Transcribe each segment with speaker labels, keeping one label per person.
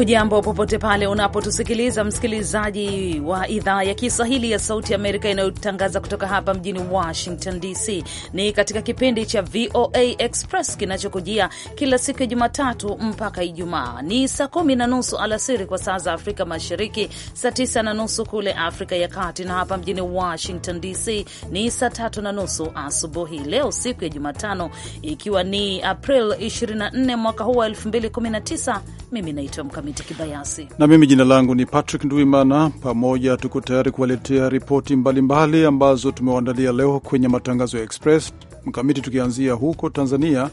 Speaker 1: Hujambo popote pale unapotusikiliza msikilizaji wa idhaa ya Kiswahili ya Sauti Amerika inayotangaza kutoka hapa mjini Washington DC. Ni katika kipindi cha VOA Express kinachokujia kila siku ya Jumatatu mpaka Ijumaa. Ni saa kumi na nusu alasiri kwa saa za Afrika Mashariki, saa tisa na nusu kule Afrika ya Kati, na hapa mjini Washington DC ni saa tatu na nusu asubuhi. Leo siku ya Jumatano, ikiwa ni April 24 mwaka huu wa 2019, mimi naitwa Mkamiti Mkamiti Kibayasi
Speaker 2: na mimi jina langu ni Patrick Nduimana. Pamoja tuko tayari kuwaletea ripoti mbalimbali ambazo tumewaandalia leo kwenye matangazo ya Express. Mkamiti, tukianzia huko Tanzania,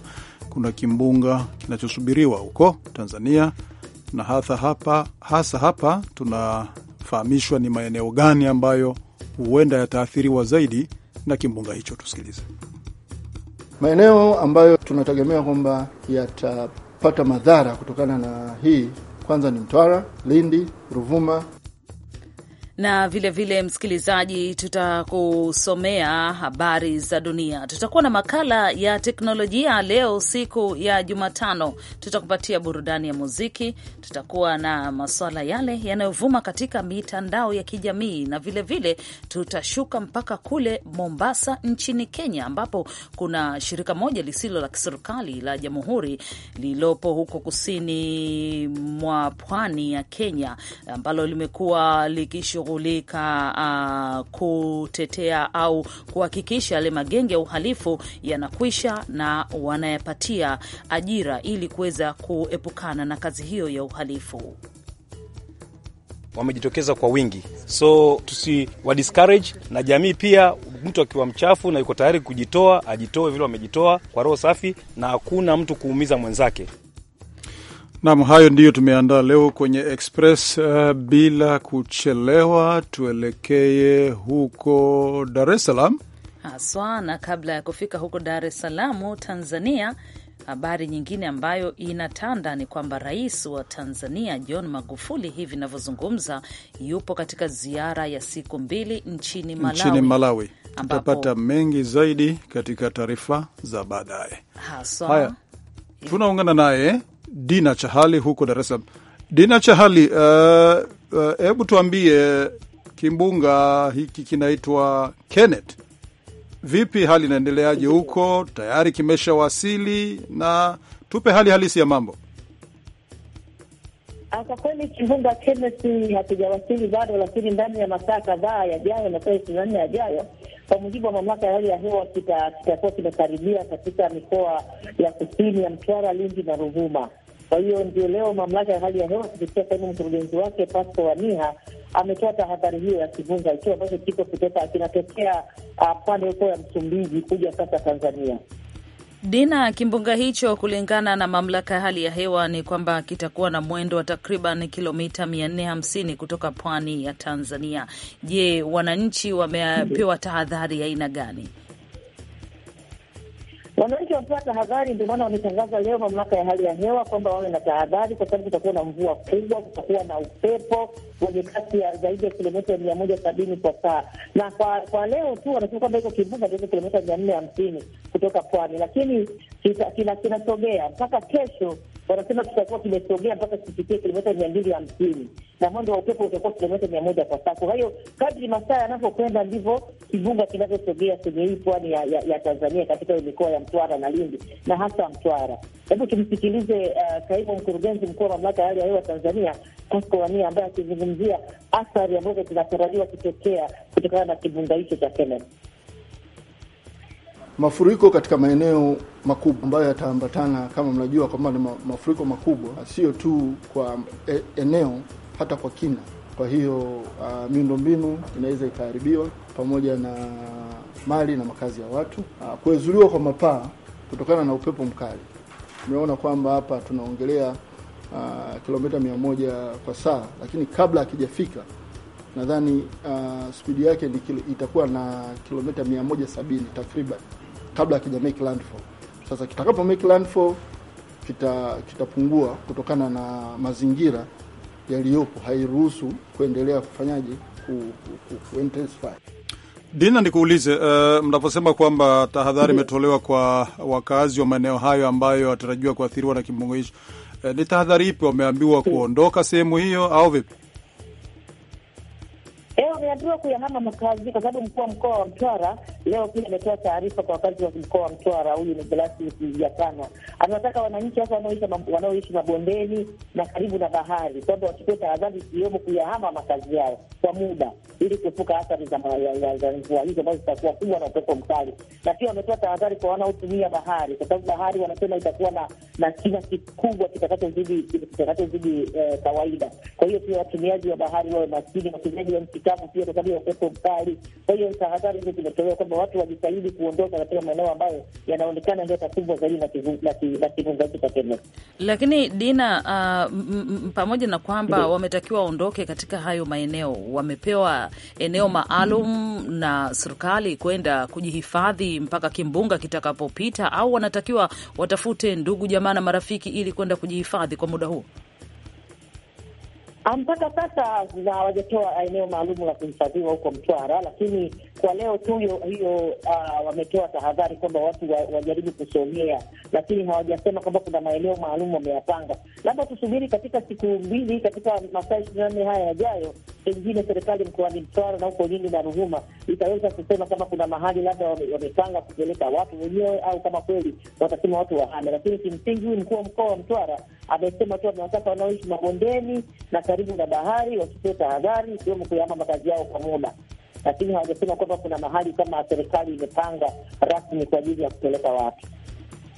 Speaker 2: kuna kimbunga kinachosubiriwa huko Tanzania na hasa hapa, hasa hapa tunafahamishwa ni maeneo gani ambayo huenda yataathiriwa zaidi na kimbunga hicho. Tusikilize.
Speaker 3: Maeneo ambayo tunategemea kwamba yatapata madhara kutokana na hii kwanza ni Mtwara, Lindi, Ruvuma,
Speaker 1: na vilevile vile, msikilizaji, tutakusomea habari za dunia. Tutakuwa na makala ya teknolojia leo, siku ya Jumatano. Tutakupatia burudani ya muziki, tutakuwa na maswala yale yanayovuma katika mitandao ya kijamii, na vilevile vile, tutashuka mpaka kule Mombasa nchini Kenya, ambapo kuna shirika moja lisilo la kiserikali la Jamhuri lililopo huko kusini mwa pwani ya Kenya ambalo limekuwa likishu kushughulika uh, kutetea au kuhakikisha yale magenge ya uhalifu yanakwisha na wanayapatia ajira ili kuweza kuepukana na kazi hiyo ya uhalifu
Speaker 2: wamejitokeza kwa wingi, so tusiwa discourage. Na jamii pia, mtu akiwa mchafu na yuko tayari kujitoa, ajitoe vile wamejitoa kwa roho safi, na hakuna mtu kuumiza mwenzake. Nam, hayo ndiyo tumeandaa leo kwenye Express. Uh, bila kuchelewa tuelekee huko Dar es Salaam
Speaker 1: haswa, na kabla ya kufika huko Dar es Salaam, Tanzania, habari nyingine ambayo inatanda ni kwamba rais wa Tanzania John Magufuli hivi navyozungumza yupo katika ziara ya siku mbili nchini Malawi, nchini
Speaker 2: Malawi. Tutapata mengi zaidi katika taarifa za baadaye. Haya, tunaungana naye Dina Chahali huko Dar es Salaam. Dina Chahali, eh, eh, hebu uh, uh, tuambie kimbunga hiki kinaitwa Kenneth, vipi hali inaendeleaje huko? Tayari kimeshawasili, na tupe hali halisi ya mambo.
Speaker 4: Ah, kwa kweli kimbunga Kenneth hakijawasili bado, lakini ndani ya masaa kadhaa yajayo, masaa ishirini na nne yajayo kwa mujibu wa mamlaka ya hali ya hewa kitakuwa kita kimekaribia katika mikoa ya kusini ya Mtwara, Lindi na Ruvuma. Kwa hiyo ndio leo mamlaka ya hali ya hewa kupitia kaimu mkurugenzi wake Pasco Waniha ametoa tahadhari hiyo ya kivunga, ikiwa ambacho kiko kutoka kinatokea uh, pande huko ya Msumbiji kuja sasa Tanzania.
Speaker 1: Dina, kimbunga hicho kulingana na mamlaka ya hali ya hewa ni kwamba kitakuwa na mwendo wa takriban kilomita 450 kutoka pwani ya Tanzania. Je, wananchi wamepewa tahadhari aina gani?
Speaker 4: Wananchi wamepata tahadhari, ndio maana wametangaza leo mamlaka ya hali ya hewa kwamba wawe na tahadhari, kwa sababu kutakuwa na mvua kubwa, kutakuwa na upepo wenye kasi ya zaidi ya kilomita mia moja sabini kwa saa, na kwa kwa leo tu wanasema kwamba iko kimbunga ndizo kilomita mia nne hamsini kutoka pwani, lakini kinasogea mpaka kesho. Wanasema kitakuwa kimesogea mpaka kifikie kilomita mia mbili hamsini na mwendo wa upepo utakuwa kilomita mia moja kwa saa. Kwa hiyo kadri masaa yanavyokwenda ndivyo kivunga kinavyosogea kwenye hii pwani ya, ya, ya Tanzania katika mikoa ya Mtwara na Lindi na hasa Mtwara. Hebu tumsikilize uh, kaimu mkurugenzi mkuu wa mamlaka ya hali ya hewa Tanzania Tasco ambaye akizungumzia athari ambazo zinatarajiwa kutokea kutokana na kivunga hicho cha Kenneth.
Speaker 3: Mafuriko katika maeneo makubwa ambayo yataambatana, kama mnajua kwamba ni mafuriko makubwa, sio tu kwa eh, eneo hata kwa kina. Kwa hiyo uh, miundombinu inaweza ikaharibiwa pamoja na mali na makazi ya watu. Uh, kuezuliwa kwa mapaa kutokana na upepo mkali, tumeona kwamba hapa tunaongelea uh, kilomita mia moja kwa saa, lakini kabla akijafika nadhani uh, spidi yake ni kilo, itakuwa na kilomita sabini takriban kabla akija make landfall. Sasa kitakapo make landfall kita kitapungua kutokana na mazingira yaliyopo hairuhusu kuendelea kufanyaje ku, ku, ku intensify. Dina,
Speaker 2: nikuulize uh, mnaposema kwamba tahadhari imetolewa kwa wakazi wa maeneo hayo ambayo watarajiwa kuathiriwa na kimbunga hicho, uh, ni tahadhari ipi? Wameambiwa kuondoka sehemu hiyo au vipi?
Speaker 4: ameambiwa kuyahama makazi, kwa sababu mkuu wa mkoa wa Mtwara leo pia ametoa taarifa kwa wakazi wa mkoa wa Mtwara. Huyu ni ya tano, amewataka wananchi hasa wanaoishi mabondeni na karibu na bahari kwamba wachukue tahadhari, ikiwemo kuyahama makazi yao kwa muda, ili kuepuka athari za mvua hizo ambazo zitakuwa kubwa na upepo mkali. Na pia wametoa tahadhari kwa wanaotumia bahari, kwa sababu bahari wanasema itakuwa na na kina kikubwa kitakachozidi kitakachozidi eh, kawaida. Kwa hiyo pia watumiaji wa bahari wawe makini, watumiaji wa nchi kavu pia kwa sababu ya upepo mkali. Kwa hiyo tahadhari hizo zimetolewa kwamba watu wajitahidi kuondoka katika maeneo ambayo yanaonekana ndio yatakumbwa zaidi na kivunjaji cha teme.
Speaker 1: Lakini Dina, uh, pamoja na kwamba wametakiwa waondoke katika hayo maeneo, wamepewa eneo maalum na serikali kwenda kujihifadhi mpaka kimbunga kitakapopita, au wanatakiwa watafute ndugu jamaa na marafiki ili kwenda kujihifadhi kwa muda huo?
Speaker 4: Mpaka sasa hawajatoa eneo maalum la kuhifadhiwa huko Mtwara, lakini kwa leo tu hiyo, uh, wametoa tahadhari kwamba watu wa, wajaribu kusomea lakini hawajasema kwamba kuna maeneo maalum wameyapanga. Labda tusubiri katika siku mbili, katika masaa ishirini na nne haya yajayo, pengine serikali mkoani Mtwara na huko Lindi na Ruvuma itaweza kusema kama kuna mahali labda wamepanga kupeleka watu wenyewe, au kama kweli watasema watu wahame. Lakini kimsingi, huyu mkuu wa mkoa wa Mtwara amesema tu amewataka wanaoishi mabondeni na karibu na bahari wachukue tahadhari, ikiwemo kuyama makazi yao kwa muda lakini hawajasema kwamba kuna mahali kama serikali imepanga rasmi kwa ajili ya kupeleka watu.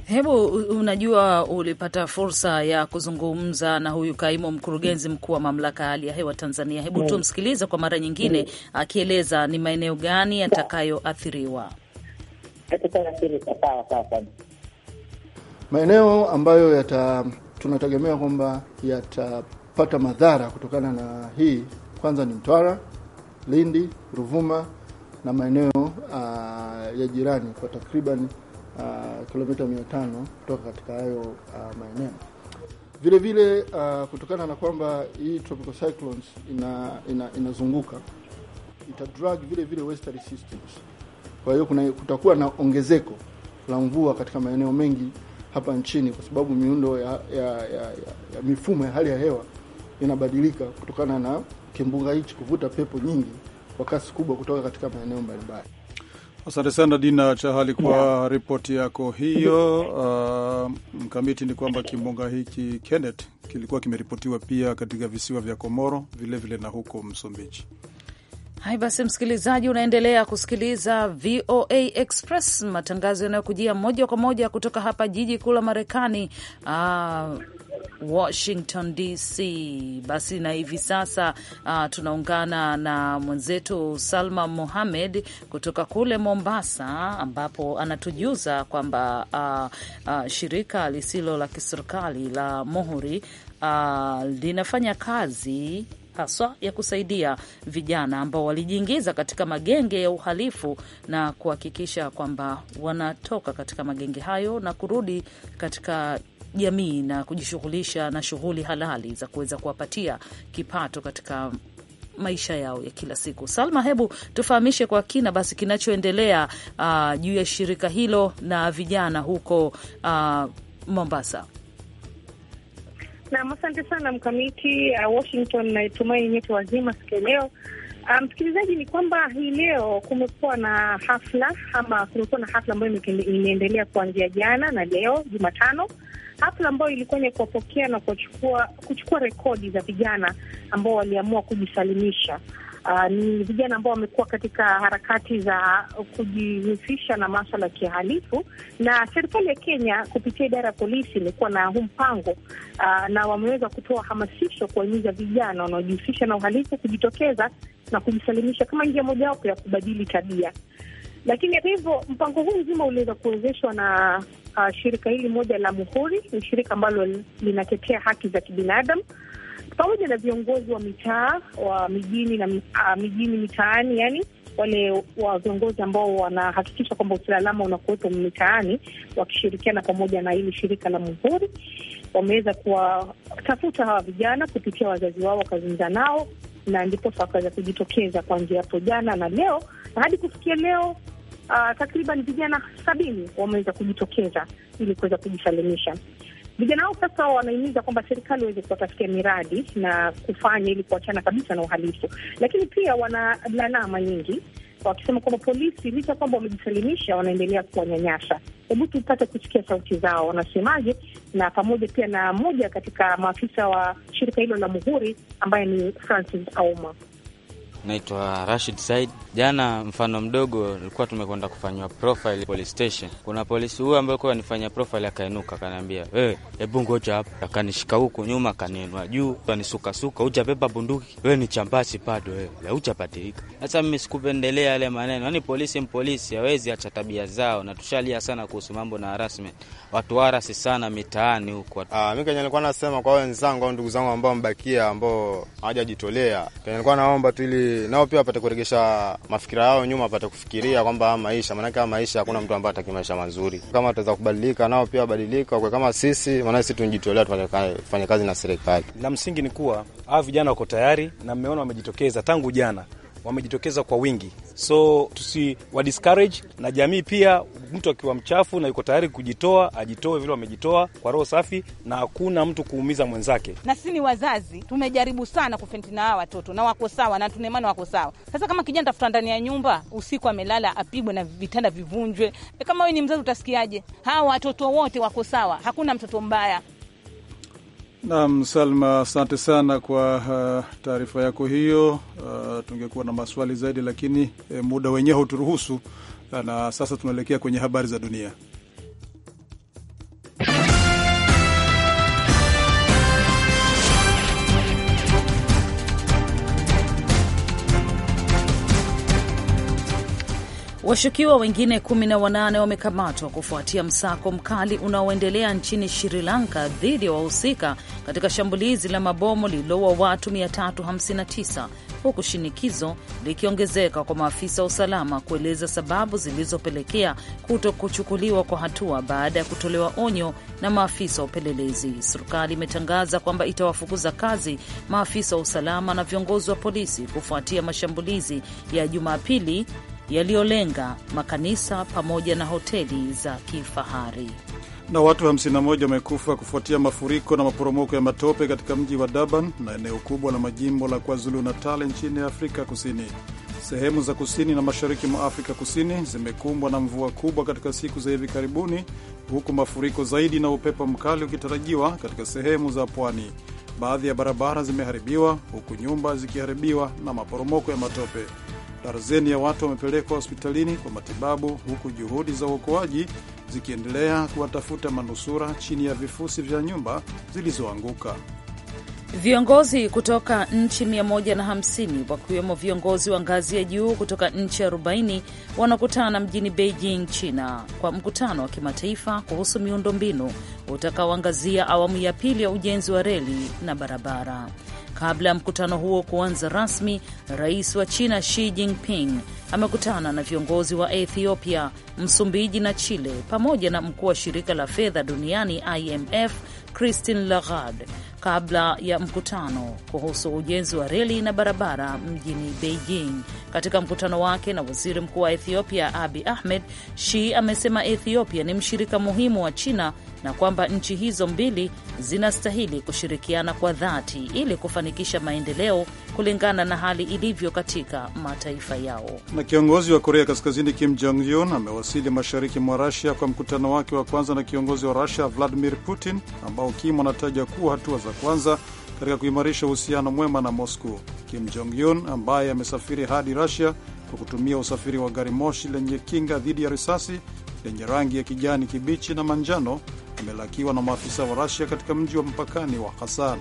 Speaker 1: Hebu unajua, ulipata fursa ya kuzungumza na huyu kaimu mkurugenzi mkuu wa mamlaka ya hali ya hewa Tanzania. Hebu mm. tumsikilize kwa mara nyingine mm. akieleza ni maeneo gani yatakayoathiriwa.
Speaker 3: Maeneo ambayo yata tunategemea kwamba yatapata madhara kutokana na hii, kwanza ni Mtwara, Lindi, Ruvuma na maeneo uh, ya jirani kwa takriban uh, kilomita 500 kutoka katika hayo uh, maeneo. Vile vile uh, kutokana na kwamba hii tropical cyclones ina, ina, inazunguka ita drag vile vile western systems. Kwa hiyo kuna kutakuwa na ongezeko la mvua katika maeneo mengi hapa nchini kwa sababu miundo ya, ya, ya, ya, ya mifumo ya hali ya hewa inabadilika kutokana na kimbunga hichi kuvuta pepo nyingi kwa kasi kubwa kutoka katika maeneo mbalimbali.
Speaker 2: Asante sana Dina Chahali kwa yeah, ripoti yako hiyo. Uh, mkamiti ni kwamba kimbunga hiki Kenneth kilikuwa kimeripotiwa pia katika visiwa vya Komoro vilevile vile na huko Msumbiji.
Speaker 1: Hai basi, msikilizaji, unaendelea kusikiliza VOA Express, matangazo yanayokujia moja kwa moja kutoka hapa jiji kuu la Marekani. Uh, Washington DC. Basi na hivi sasa uh, tunaungana na mwenzetu Salma Mohamed kutoka kule Mombasa, ambapo anatujuza kwamba uh, uh, shirika lisilo la kiserikali la Muhuri uh, linafanya kazi haswa ya kusaidia vijana ambao walijiingiza katika magenge ya uhalifu na kuhakikisha kwamba wanatoka katika magenge hayo na kurudi katika jamii na kujishughulisha na shughuli halali za kuweza kuwapatia kipato katika maisha yao ya kila siku. Salma, hebu tufahamishe kwa kina basi kinachoendelea uh, juu ya shirika hilo na vijana huko uh, Mombasa.
Speaker 5: Nam, asante sana mkamiti uh, Washington. Naitumai nyote wazima siku ya leo. Um, msikilizaji, um, ni kwamba hii leo kumekuwa na hafla ama kumekuwa na hafla ambayo imeendelea kuanzia jana na leo Jumatano hafla ambayo ilikuwa ni kuwapokea na kuchukua kuchukua rekodi za vijana ambao waliamua kujisalimisha. Uh, ni vijana ambao wamekuwa katika harakati za kujihusisha na maswala ya kihalifu, na serikali ya Kenya kupitia idara ya polisi imekuwa na huu mpango uh, na wameweza kutoa hamasisho kuwahimiza vijana wanaojihusisha na uhalifu kujitokeza na kujisalimisha kama njia mojawapo ya kubadili tabia. Lakini hata hivyo, mpango huu mzima uliweza kuwezeshwa na uh, shirika hili moja la Muhuri ni shirika ambalo linatetea haki za kibinadamu pamoja na viongozi wa mitaa wa mijini na uh, mijini mitaani, yani wale wa viongozi ambao wanahakikisha kwamba usalama unakuwepo mitaani, wakishirikiana pamoja na hili shirika la Muhuri wameweza kuwatafuta hawa vijana kupitia wazazi wao, wakazungumza nao na ndiposa wakaweza kujitokeza njia hapo jana na leo na hadi kufikia leo uh, takriban vijana sabini wameweza kujitokeza ili kuweza kujisalimisha. Vijana hao sasa wanahimiza kwamba serikali waweze kuwatafutia miradi na kufanya ili kuachana kabisa na uhalifu, lakini pia wana lalama nyingi wakisema kwamba polisi licha kwamba wamejisalimisha wanaendelea kuwanyanyasa. Hebu tupate kusikia sauti zao wanasemaje, na pamoja pia na moja katika maafisa wa shirika hilo la Muhuri ambaye ni Francis Auma.
Speaker 6: Naitwa Rashid Said, Jana mfano mdogo, nilikuwa tumekwenda kufanywa profile police station. Kuna polisi huyo ambaye alikuwa anifanyia profile, akainuka akaniambia, wewe eh, hebu ngoja hapa. Akanishika huku nyuma, akaninua juu, akanisuka suka, uchapepa bunduki wewe, ni chambasi bado wewe, eh, la uchapatilika. Sasa mimi sikupendelea yale maneno, yaani polisi mpolisi, hawezi acha tabia zao, na tushalia sana kuhusu mambo na harassment, watu harasi sana mitaani huko. Ah, mimi kenye nilikuwa nasema kwa wenzangu au ndugu zangu ambao mbakia, ambao hawajajitolea, kenye nilikuwa naomba tu, ili nao pia wapate kuregesha mafikira yao nyuma, apate kufikiria kwamba maisha, maanake maisha, hakuna mtu ambaye ataki maisha mazuri. Kama tutaweza kubadilika, nao pia wabadilika, kwa kama sisi, maanake sisi tunajitolea, tufanye kazi na serikali. La msingi ni kuwa
Speaker 2: hawa vijana wako tayari na mmeona wamejitokeza tangu jana wamejitokeza kwa wingi, so tusi wa discourage na jamii pia. Mtu akiwa mchafu na yuko tayari kujitoa ajitoe vile wamejitoa kwa roho safi, na hakuna mtu kuumiza mwenzake.
Speaker 1: Na sisi ni wazazi, tumejaribu sana kufenti na hawa watoto na wako sawa, na tunaimani wako sawa. Sasa kama kijana tafuta ndani ya nyumba usiku amelala, apigwe na vitanda vivunjwe, e, kama wewe ni mzazi utasikiaje? Hawa watoto wote wako sawa, hakuna mtoto mbaya.
Speaker 2: Naam, Salma, asante sana kwa uh, taarifa yako hiyo. Uh, tungekuwa na maswali zaidi, lakini eh, muda wenyewe hauturuhusu, na sasa tunaelekea kwenye habari za dunia.
Speaker 1: Washukiwa wengine 18 wamekamatwa kufuatia msako mkali unaoendelea nchini Sri Lanka dhidi ya wa wahusika katika shambulizi la mabomu lililoua watu 359 huku shinikizo likiongezeka kwa maafisa wa usalama kueleza sababu zilizopelekea kuto kuchukuliwa kwa hatua baada ya kutolewa onyo na maafisa wa upelelezi. Serikali imetangaza kwamba itawafukuza kazi maafisa wa usalama na viongozi wa polisi kufuatia mashambulizi ya Jumapili yaliyolenga makanisa pamoja na hoteli za kifahari.
Speaker 2: Na watu 51 wamekufa kufuatia mafuriko na maporomoko ya matope katika mji wa Durban na eneo kubwa la majimbo la KwaZulu Natal nchini Afrika Kusini. Sehemu za kusini na mashariki mwa Afrika Kusini zimekumbwa na mvua kubwa katika siku za hivi karibuni, huku mafuriko zaidi na upepo mkali ukitarajiwa katika sehemu za pwani. Baadhi ya barabara zimeharibiwa, huku nyumba zikiharibiwa na maporomoko ya matope. Darzeni ya watu wamepelekwa hospitalini kwa matibabu, huku juhudi za uokoaji zikiendelea kuwatafuta manusura chini ya vifusi vya nyumba zilizoanguka.
Speaker 1: Viongozi kutoka nchi 150 wakiwemo viongozi wa ngazi ya juu kutoka nchi 40 wanakutana mjini Beijing, China, kwa mkutano wa kimataifa kuhusu miundombinu utakaoangazia awamu ya pili ya ujenzi wa reli na barabara. Kabla ya mkutano huo kuanza rasmi, rais wa China Xi Jinping amekutana na viongozi wa Ethiopia, Msumbiji na Chile pamoja na mkuu wa shirika la fedha duniani IMF Christine Lagarde kabla ya mkutano kuhusu ujenzi wa reli na barabara mjini Beijing. Katika mkutano wake na waziri mkuu wa Ethiopia Abi Ahmed, Shi amesema Ethiopia ni mshirika muhimu wa China na kwamba nchi hizo mbili zinastahili kushirikiana kwa dhati ili kufanikisha maendeleo kulingana na hali ilivyo katika mataifa yao.
Speaker 2: Na kiongozi wa Korea Kaskazini Kim Jong Un amewasili mashariki mwa Rasia kwa mkutano wake wa kwanza na kiongozi wa Rasia Vladimir Putin, ambao Kim anataja kuwa hatua za kwanza katika kuimarisha uhusiano mwema na Moscow. Kim Jong Un ambaye amesafiri hadi Rasia kwa kutumia usafiri wa gari moshi lenye kinga dhidi ya risasi lenye rangi ya kijani kibichi na manjano amelakiwa na maafisa wa Rasia katika mji wa mpakani wa hasan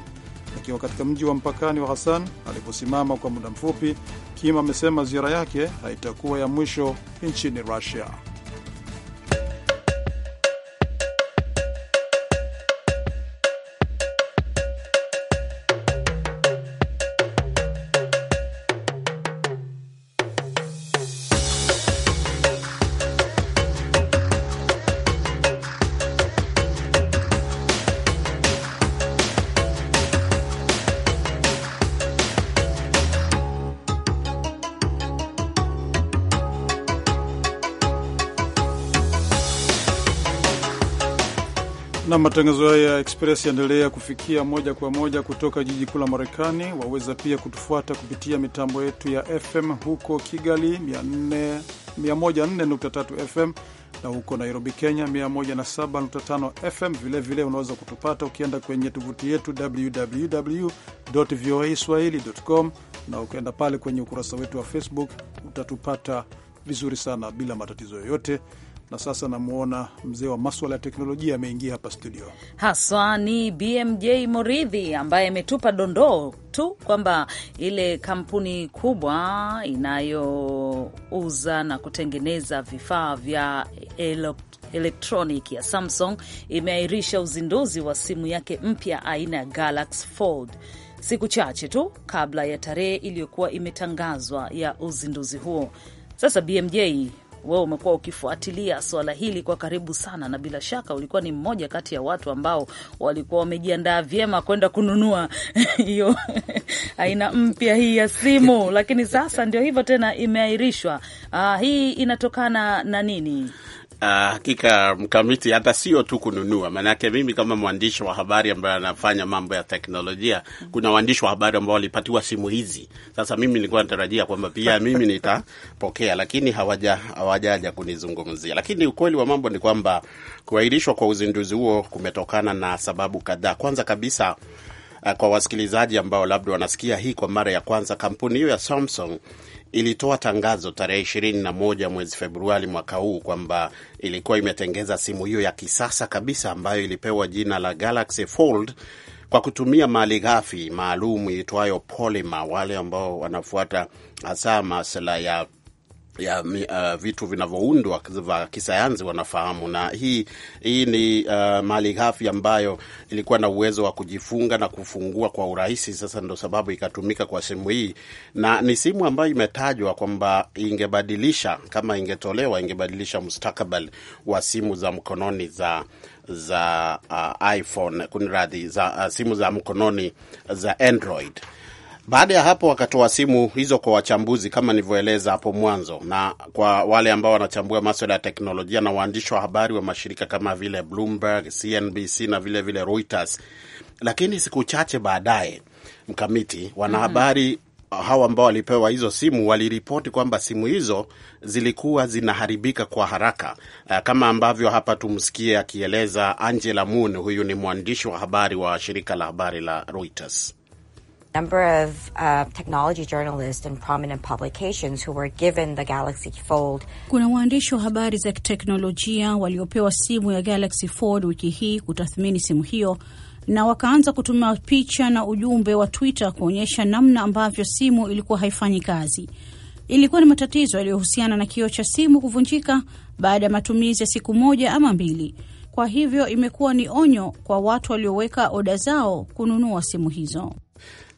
Speaker 2: Akiwa katika mji wa mpakani wa hasan aliposimama kwa muda mfupi, Kim amesema ziara yake haitakuwa ya mwisho nchini Rusia. na matangazo haya ya Express yaendelea kufikia moja kwa moja kutoka jiji kuu la Marekani. Waweza pia kutufuata kupitia mitambo yetu ya FM huko Kigali 104.3 FM na huko Nairobi, Kenya 107.5 FM. Vilevile unaweza kutupata ukienda kwenye tovuti yetu www voa swahili.com, na ukienda pale kwenye ukurasa wetu wa Facebook utatupata vizuri sana bila matatizo yoyote na sasa namwona mzee wa maswala ya teknolojia ameingia hapa studio,
Speaker 1: haswa ni BMJ Moridhi ambaye ametupa dondoo tu kwamba ile kampuni kubwa inayouza na kutengeneza vifaa vya elektroniki ya Samsung imeahirisha uzinduzi wa simu yake mpya aina ya Galaxy Fold siku chache tu kabla ya tarehe iliyokuwa imetangazwa ya uzinduzi huo. Sasa BMJ wewe umekuwa ukifuatilia swala hili kwa karibu sana, na bila shaka ulikuwa ni mmoja kati ya watu ambao walikuwa wamejiandaa vyema kwenda kununua hiyo aina mpya hii ya simu, lakini sasa ndio hivyo tena, imeahirishwa. Ah, hii inatokana na nini?
Speaker 6: Uh, hakika mkamiti, hata sio tu kununua, maanake mimi kama mwandishi wa habari ambaye anafanya mambo ya teknolojia, kuna waandishi wa habari ambao walipatiwa simu hizi. Sasa mimi nilikuwa natarajia kwamba pia mimi nitapokea, lakini hawaja hawajaja kunizungumzia. Lakini ukweli wa mambo ni kwamba kuahirishwa kwa uzinduzi huo kumetokana na sababu kadhaa. Kwanza kabisa uh, kwa wasikilizaji ambao labda wanasikia hii kwa mara ya kwanza, kampuni hiyo ya Samsung ilitoa tangazo tarehe ishirini na moja mwezi Februari mwaka huu kwamba ilikuwa imetengeza simu hiyo ya kisasa kabisa ambayo ilipewa jina la Galaxy Fold kwa kutumia mali ghafi maalum iitwayo polima. Wale ambao wanafuata hasa masuala ya ya uh, vitu vinavyoundwa vya kisayansi wanafahamu, na hii hii ni uh, mali ghafi ambayo ilikuwa na uwezo wa kujifunga na kufungua kwa urahisi. Sasa ndo sababu ikatumika kwa simu hii, na ni simu ambayo imetajwa kwamba ingebadilisha, kama ingetolewa, ingebadilisha mustakabali wa simu za mkononi za za uh, iPhone kuniradhi, za uh, simu za mkononi za Android. Baada ya hapo wakatoa simu hizo kwa wachambuzi kama nilivyoeleza hapo mwanzo, na kwa wale ambao wanachambua maswala ya teknolojia na waandishi wa habari wa mashirika kama vile Bloomberg, CNBC na vile vile Reuters. Lakini siku chache baadaye, mkamiti wanahabari mm mm-hmm. hawa ambao walipewa hizo simu waliripoti kwamba simu hizo zilikuwa zinaharibika kwa haraka, eh, kama ambavyo hapa tumsikie akieleza Angela Moon. Huyu ni mwandishi wa habari wa shirika la habari la Reuters
Speaker 5: number of uh, technology journalists and prominent publications who were given the Galaxy Fold. Kuna
Speaker 1: waandishi wa habari za teknolojia waliopewa simu ya Galaxy Fold wiki hii kutathmini simu hiyo na wakaanza kutumia picha na ujumbe wa Twitter kuonyesha namna ambavyo simu ilikuwa haifanyi kazi. Ilikuwa ni matatizo yaliyohusiana na kioo cha simu kuvunjika baada ya matumizi ya siku moja ama mbili. Kwa hivyo imekuwa ni onyo kwa watu walioweka oda zao kununua simu hizo.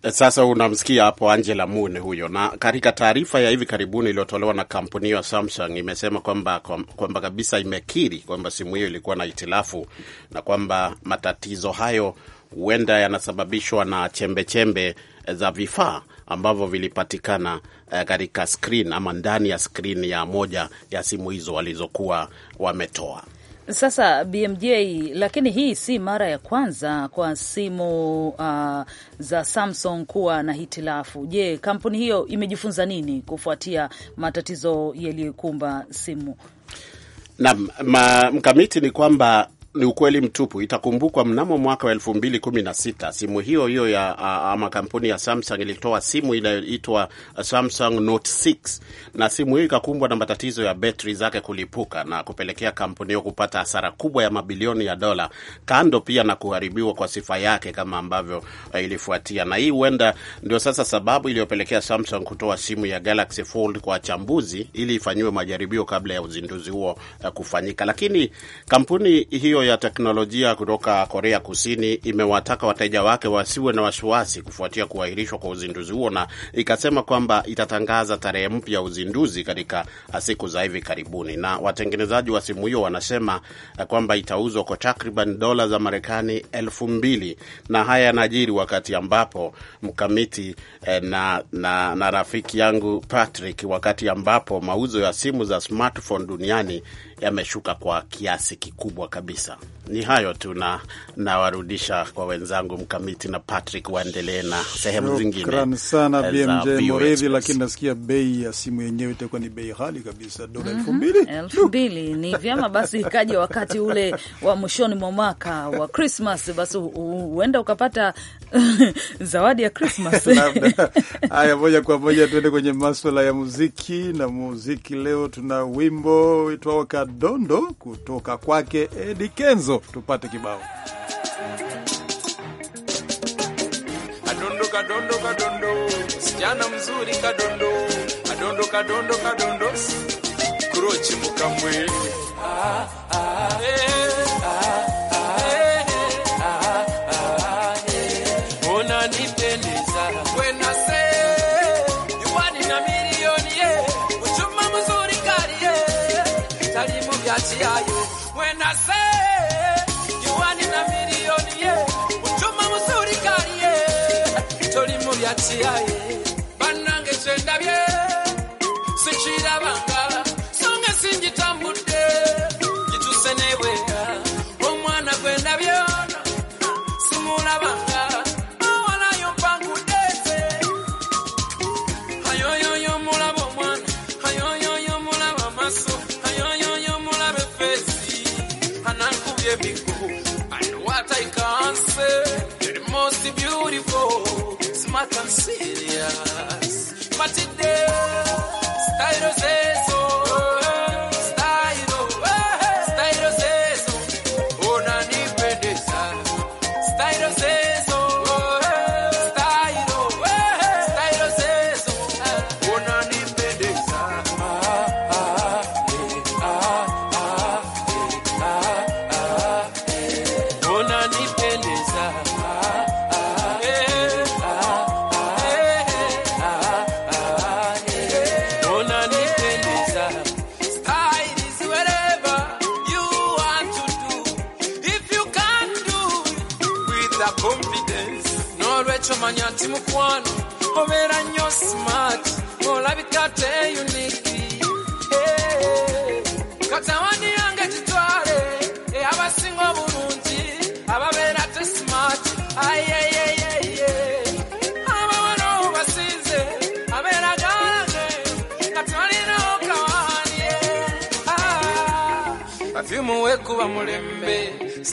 Speaker 6: Sasa unamsikia hapo Angela Moon huyo, na katika taarifa ya hivi karibuni iliyotolewa na kampuni hiyo ya Samsung imesema kwamba kwamba kabisa imekiri kwamba simu hiyo ilikuwa na hitilafu na kwamba matatizo hayo huenda yanasababishwa na chembechembe -chembe za vifaa ambavyo vilipatikana eh, katika screen ama ndani ya skrini ya moja ya simu hizo walizokuwa wametoa.
Speaker 1: Sasa BMJ, lakini hii si mara ya kwanza kwa simu uh, za Samsung kuwa na hitilafu. Je, kampuni hiyo imejifunza nini kufuatia matatizo yaliyokumba simu?
Speaker 6: Naam, mkamiti ni kwamba ni ukweli mtupu. Itakumbukwa mnamo mwaka wa elfu mbili kumi na sita simu hiyo hiyo ya ama kampuni ya Samsung ilitoa simu inayoitwa Samsung Note 6 na simu hiyo ikakumbwa na matatizo ya betri zake kulipuka na kupelekea kampuni hiyo kupata hasara kubwa ya mabilioni ya dola, kando pia na kuharibiwa kwa sifa yake kama ambavyo ilifuatia. Na hii huenda ndio sasa sababu iliyopelekea Samsung kutoa simu ya Galaxy Fold kwa wachambuzi ili ifanyiwe majaribio kabla ya uzinduzi huo kufanyika, lakini kampuni hiyo hiyo ya teknolojia kutoka Korea Kusini imewataka wateja wake wasiwe na wasiwasi kufuatia kuahirishwa kwa uzinduzi huo, na ikasema kwamba itatangaza tarehe mpya ya uzinduzi katika siku za hivi karibuni. Na watengenezaji wa simu hiyo wanasema eh, kwamba itauzwa kwa takriban dola za Marekani elfu mbili na haya yanajiri wakati ambapo mkamiti eh, na, na, na rafiki yangu Patrick, wakati ambapo mauzo ya simu za smartphone duniani yameshuka kwa kiasi kikubwa kabisa. Ni hayo tu, na nawarudisha kwa wenzangu Mkamiti na Patrick waendelee na sehemu zingine. sana BMJ Moredhi, lakini
Speaker 2: nasikia bei ya simu yenyewe itakuwa ni bei ghali kabisa, dola mhm. elfu mbili
Speaker 1: elfu mbili Ni vyema basi ikaja wakati ule wa mwishoni mwa mwaka wa Krismas, basi huenda ukapata zawadi ya Krismas.
Speaker 2: Haya, moja kwa moja tuende kwenye maswala ya muziki na muziki. Leo tuna wimbo itwao dondo kutoka kwake Edi Kenzo. Tupate kibao
Speaker 7: kadondo kadondo, msichana mzuri kadondo, kadondo kadondo, ah, ah, hey. Eh, See ayé. ya.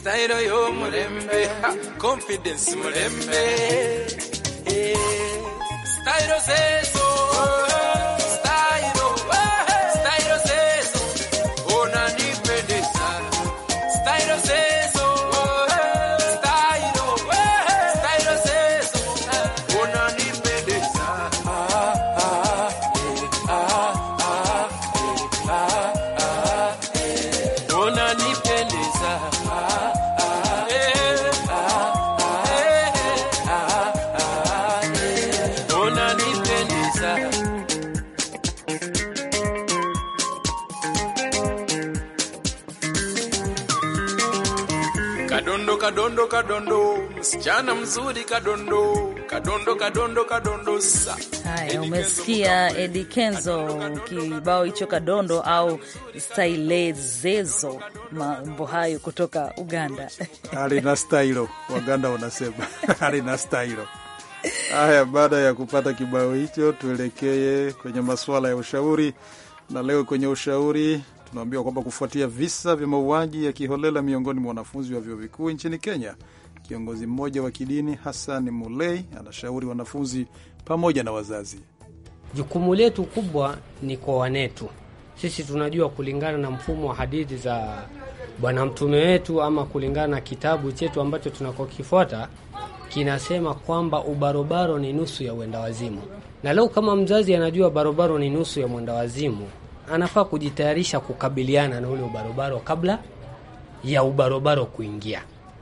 Speaker 7: Style yo mulembe, confidence mulembe. Eh, eh. Style say kadondo kadondo, msichana mzuri kadondo kadondo kadondo kadondo. Sa
Speaker 1: haya, umesikia Edi Kenzo kibao hicho kadondo au stailezezo, mambo hayo kutoka Uganda
Speaker 2: alina stailo, Waganda wanasema alina stailo. Haya, baada ya kupata kibao hicho, tuelekee kwenye masuala ya ushauri, na leo kwenye ushauri Tunaambiwa kwamba kufuatia visa vya mauaji ya kiholela miongoni mwa wanafunzi wa vyuo vikuu nchini Kenya, kiongozi mmoja wa kidini Hassan Mulei anashauri wanafunzi pamoja na wazazi,
Speaker 8: jukumu letu kubwa ni kwa wanetu sisi. Tunajua kulingana na mfumo wa hadithi za Bwana Mtume wetu ama kulingana na kitabu chetu ambacho tunakokifuata kinasema kwamba ubarobaro ni nusu ya uenda wazimu, na leo kama mzazi anajua barobaro ni nusu ya mwenda wazimu, anafaa kujitayarisha kukabiliana na ule ubarobaro kabla ya ubarobaro kuingia.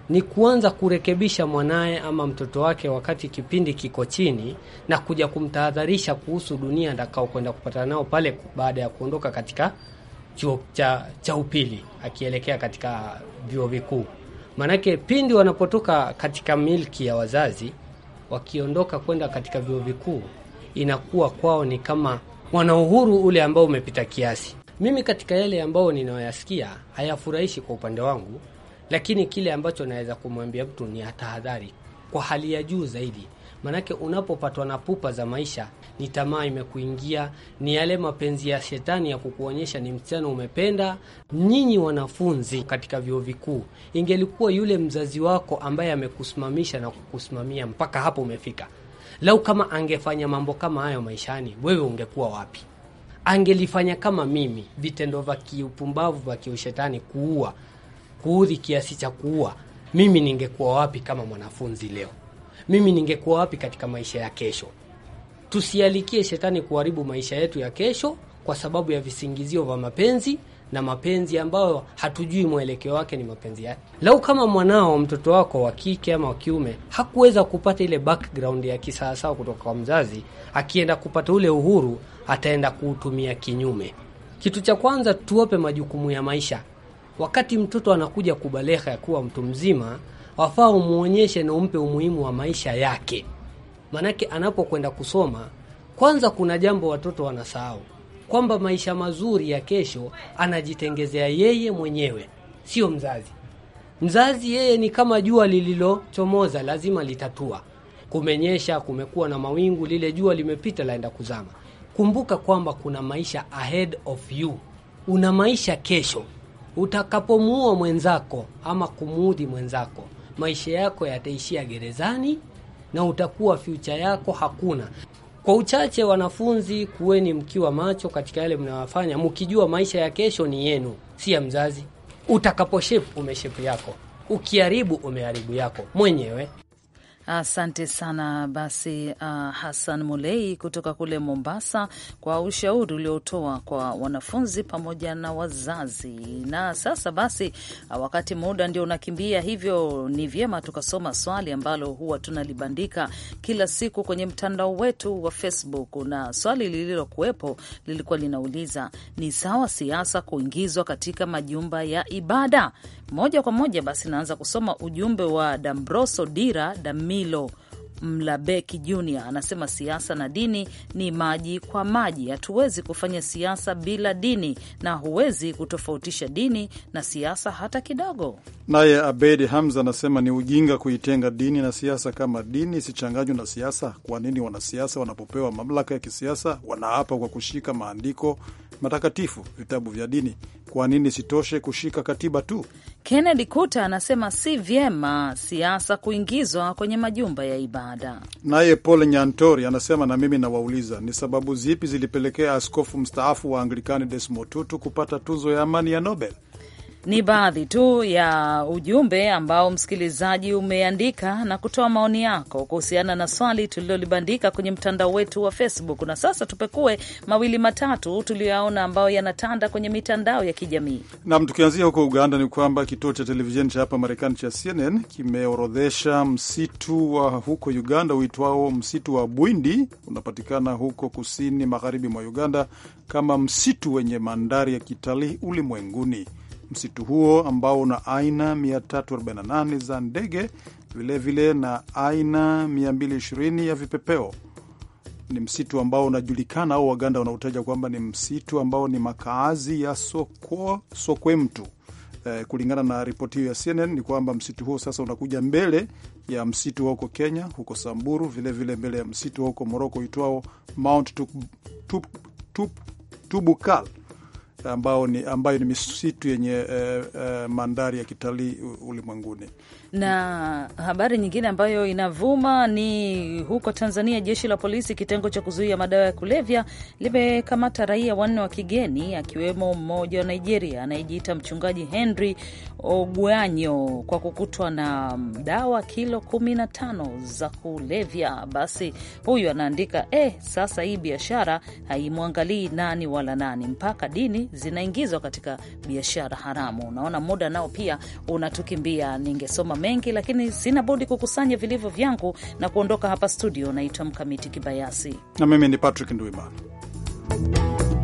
Speaker 8: Ni kuanza kurekebisha mwanaye ama mtoto wake wakati kipindi kiko chini na kuja kumtahadharisha kuhusu dunia atakao kwenda kupatana nao pale baada ya kuondoka katika chuo cha, cha upili akielekea katika vyuo vikuu. Maanake pindi wanapotoka katika milki ya wazazi wakiondoka kwenda katika vyuo vikuu, inakuwa kwao ni kama wana uhuru ule ambao umepita kiasi. Mimi katika yale ambayo ninayoyasikia hayafurahishi kwa upande wangu, lakini kile ambacho naweza kumwambia mtu ni tahadhari kwa hali ya juu zaidi, maanake unapopatwa na pupa za maisha, ni tamaa imekuingia, ni yale mapenzi ya shetani ya kukuonyesha ni msichana umependa. Nyinyi wanafunzi katika vyuo vikuu, ingelikuwa yule mzazi wako ambaye amekusimamisha na kukusimamia mpaka hapo umefika Lau kama angefanya mambo kama hayo maishani, wewe ungekuwa wapi? Angelifanya kama mimi, vitendo vya kiupumbavu vya kiushetani, kuua, kuudhi kiasi cha kuua, mimi ningekuwa wapi kama mwanafunzi leo? Mimi ningekuwa wapi katika maisha ya kesho? Tusialikie shetani kuharibu maisha yetu ya kesho kwa sababu ya visingizio vya mapenzi na mapenzi ambayo hatujui mwelekeo wake ni mapenzi yake. Lau kama mwanao mtoto wako wa kike ama wa kiume hakuweza kupata ile background ya kisawasawa kutoka kwa mzazi, akienda kupata ule uhuru ataenda kuutumia kinyume. Kitu cha kwanza, tuope majukumu ya maisha. Wakati mtoto anakuja kubaleha ya kuwa mtu mzima, wafaa umuonyeshe na umpe umuhimu wa maisha yake, maanake anapokwenda kusoma, kwanza kuna jambo watoto wanasahau kwamba maisha mazuri ya kesho anajitengezea yeye mwenyewe, sio mzazi. Mzazi yeye ni kama jua lililochomoza, lazima litatua. Kumenyesha, kumekuwa na mawingu, lile jua limepita, laenda kuzama. Kumbuka kwamba kuna maisha ahead of you, una maisha kesho. Utakapomuua mwenzako ama kumuudhi mwenzako, maisha yako yataishia gerezani na utakuwa future yako hakuna. Kwa uchache, wanafunzi, kuweni mkiwa macho katika yale mnayofanya, mkijua maisha ya kesho ni yenu, si ya mzazi. Utakaposhep umeshep yako, ukiharibu umeharibu yako
Speaker 1: mwenyewe. Asante sana basi, uh, Hassan Mulei kutoka kule Mombasa kwa ushauri uliotoa kwa wanafunzi pamoja na wazazi. Na sasa basi, uh, wakati muda ndio unakimbia, hivyo ni vyema tukasoma swali ambalo huwa tunalibandika kila siku kwenye mtandao wetu wa Facebook, na swali lililokuwepo lilikuwa linauliza, ni sawa siasa kuingizwa katika majumba ya ibada? Moja kwa moja basi naanza kusoma ujumbe wa Dambroso Dira Damilo Mlabeki Junior anasema siasa na dini ni maji kwa maji. Hatuwezi kufanya siasa bila dini, na huwezi kutofautisha dini na siasa hata kidogo.
Speaker 2: Naye Abedi Hamza anasema ni ujinga kuitenga dini na siasa. Kama dini isichanganywa na siasa, kwa nini wanasiasa wanapopewa mamlaka ya kisiasa wanaapa kwa kushika maandiko matakatifu, vitabu vya dini. Kwa nini sitoshe kushika katiba tu?
Speaker 1: Kennedy Kuta anasema si vyema siasa kuingizwa kwenye majumba ya ibada.
Speaker 2: Naye Paul Nyantori anasema na mimi nawauliza, ni sababu zipi zilipelekea askofu mstaafu wa Anglikani Desmond Tutu kupata tuzo ya amani ya Nobel?
Speaker 1: Ni baadhi tu ya ujumbe ambao msikilizaji umeandika na kutoa maoni yako kuhusiana na swali tulilolibandika kwenye mtandao wetu wa Facebook. Na sasa tupekue mawili matatu tuliyoyaona ambayo yanatanda kwenye mitandao ya kijamii.
Speaker 2: Nam, tukianzia huko Uganda ni kwamba kituo cha televisheni cha hapa Marekani cha CNN kimeorodhesha msitu wa huko Uganda uitwao msitu wa Bwindi, unapatikana huko kusini magharibi mwa Uganda, kama msitu wenye mandhari ya kitalii ulimwenguni. Msitu huo ambao una aina 348 za ndege vilevile na aina 220 ya vipepeo ni msitu ambao unajulikana au Waganda wanautaja kwamba ni msitu ambao ni makaazi ya soko, sokwe mtu. Eh, kulingana na ripoti hiyo ya CNN ni kwamba msitu huo sasa unakuja mbele ya msitu wa huko Kenya huko Samburu, vilevile vile mbele ya msitu wa huko Moroko uitwao Mount Tubukal tup, tup, ambao ni, ambayo ni misitu yenye eh, eh, mandhari ya kitalii ulimwenguni.
Speaker 1: Na habari nyingine ambayo inavuma ni huko Tanzania, jeshi la polisi kitengo cha kuzuia madawa ya kulevya limekamata raia wanne wa kigeni akiwemo mmoja wa Nigeria anayejiita mchungaji Henry Ogwanyo kwa kukutwa na dawa kilo 15 za kulevya. Basi huyu anaandika eh, sasa hii biashara haimwangalii nani wala nani mpaka dini zinaingizwa katika biashara haramu. Unaona, muda nao pia unatukimbia. Ningesoma mengi, lakini sina budi kukusanya vilivyo vyangu na kuondoka hapa studio. Naitwa Mkamiti Kibayasi
Speaker 2: na mimi ni Patrick Nduimana.